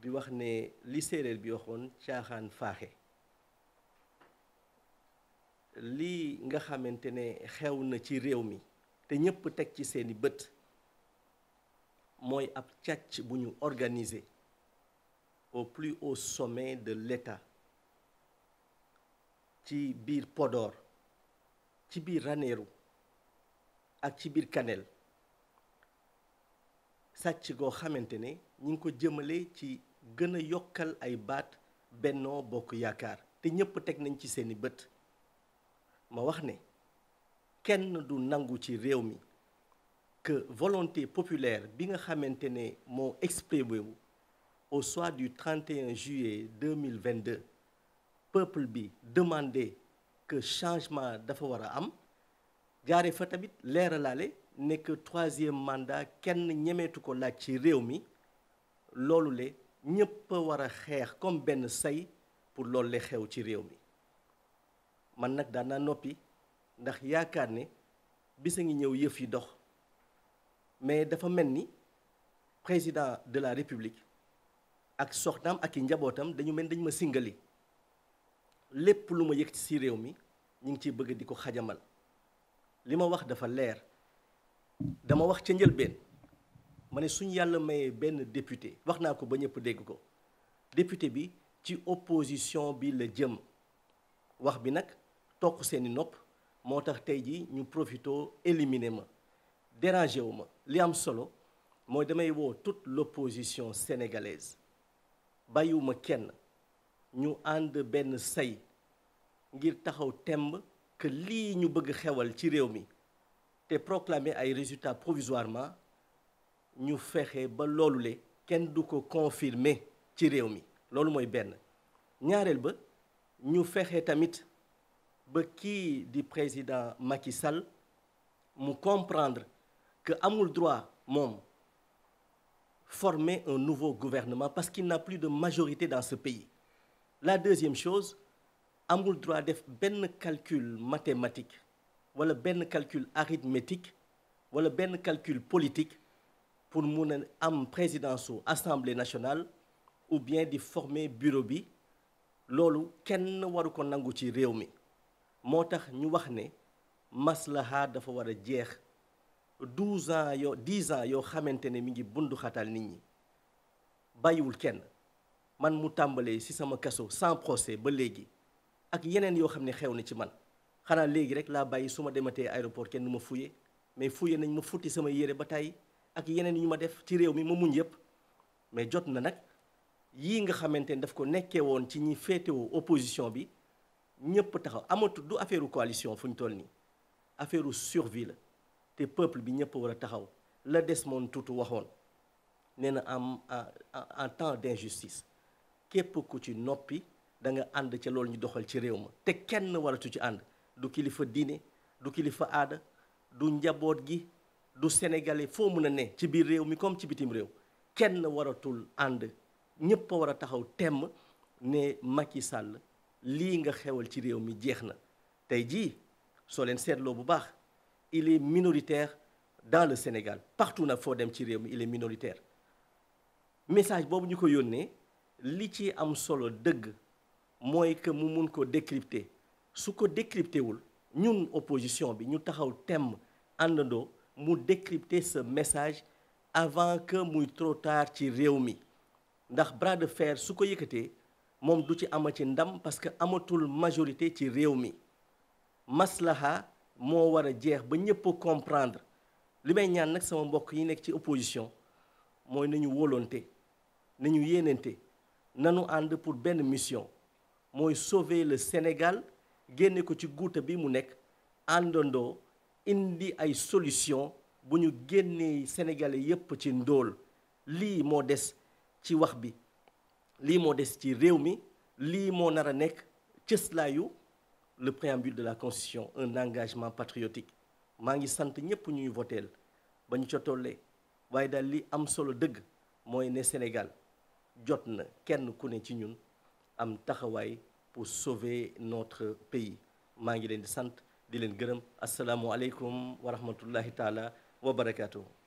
bi wax ne li séeréer bi waxoon caaxaan faaxe lii nga xamante ne xew na ci réew mi te ñépp teg ci seeni bët mooy ab càcc bu ñu organiser au plus haut sommet de l'État ci biir podoor ci biir Ranérou ak ci biir Kanel sàcc goo xamante ne ñi ngi ko jëmale ci gën a yokkal ay baat Benno Bokk Yaakaar te ñëpp teg nañ ci seeni bët ma wax ne kenn du nangu ci réew mi que volonté populaire bi nga xamante ne moo exprimé wu au soir du 31 juillet 2022 peuple bi demandé que changement dafa war a am jaare fa tamit leeralaale ne que troisième mandat kenn ñemeetu ko laaj ci réew mi loolu le ñëpp a war a xeex comme benn say pour loolu lay xew ci réew mi man nag daan noppi ndax yaakaar ne bis a ngi ñëw yëf yi dox mais dafa mel ni président de la république ak soxnaam ak yi njabootam dañu mel dañu ma singali lépp lu ma yëg ci réew mi ñu ngi ciy bëgg di ko xajamal li ma wax dafa leer dama wax ca njëlbeen. ma ne suñu yàlla mayee benn député wax naa ko ba ñëpp dégg ko député bi ci opposition bi la jëm wax bi nag toq seeni nopp moo tax tey ji ñu profito éliminer ma dérangé wu ma li am solo mooy damay woo toute l'opposition sénégalaise bàyyiwuma kenn ñu ànd benn say ngir taxaw temb que lii ñu bëgg xewal ci réew mi te proclamer ay résultats provisoirement ñu fexe ba loolu le kenn du ko confirmer ci réew mi loolu mooy benn ñaareel ba ñu fexe tamit ba kii di président Macky mu comprendre que amul droit moom former un nouveau gouvernement parce qu'il n'a plus de majorité dans ce pays la deuxième chose amul droit def benn calcul mathématique wala benn calcul arithmétique wala benn calcul politique pour mun a am présidence su assemblée nationale ou bien di former bureau bi loolu kenn waru ko nangu ci réew mi moo tax ñu wax ne maslaha dafa war a jeex douze ans yoo dix ans yoo xamante ne mi ngi bundu xatal nit ñi bàyyiwul kenn man mu tàmbalee ci sama kaso sans procès ba léegi ak yeneen yoo xam ne xew na ci man xanaa léegi rek laa bàyyi su ma dematee aéroport kenn ma fuye mais fuye nañ ma futti sama yére ba tàyyi ak yeneen yu ñu ma def ci réew mi ma muñ yëpp mais jot na nag yii nga xamante ni daf ko nekkee woon ci ñi féetewoo opposition bi ñëpp taxaw amatu du affaire coalition fu ñu toll nii affaire survie la te peuple bi ñëpp war a taxaw la des Desmond Tutu waxoon nee na am en temps d'injustice képp ku ci noppi da nga ànd ca loolu ñu doxal ci réew ma te kenn waratu ci ànd du kilifa diine du kilifa aada du njaboot gi du sénégalais foo mën a ne ci biir réew mi comme ci bitim réew kenn waratul ànd ñëpp a war a taxaw temm ne Macky sàll lii nga xewal ci réew mi jeex na tey jii soo leen seetloo bu baax il est minoritaire dans le Sénégal partout nag foo dem ci réew mi il minoritaire message boobu ñu ko yónnee li ci am solo dëgg mooy que mu mun ko décrypter su ko décrypter wul ñun opposition bi ñu taxaw temm àndandoo mu décrypter ce message avant que muy trop ci réew mi ndax bras de fer su ko yëkkatee moom du ci amal ci ndam parce que amatul majorité ci réew mi maslaha moo war a jeex ba ñëpp comprendre li may ñaan nag sama mbokk yi nekk ci opposition mooy nañu wóolonte nañu yéenante nanu ànd pour benn mission mooy sauver le Sénégal génne ko ci guuta bi mu nekk àndandoo indi ay solution bu ñu génnee sénégalais yépp ci ndóol lii moo des ci wax bi lii moo des ci réew mi lii moo nar a nekk cëslaayu le préambule de la constitution un engagement patriotique maa ngi sant ñépp ñuy voteel ba ñu ca tollee waaye daal li am solo dëgg mooy ne Sénégal jot na kenn ku ne ci ñun am taxawaay pour sauver notre pays maa ngi leen di sant di leen gërëm asalaamualeykum wa rahmatullahi taala wa barakaatu.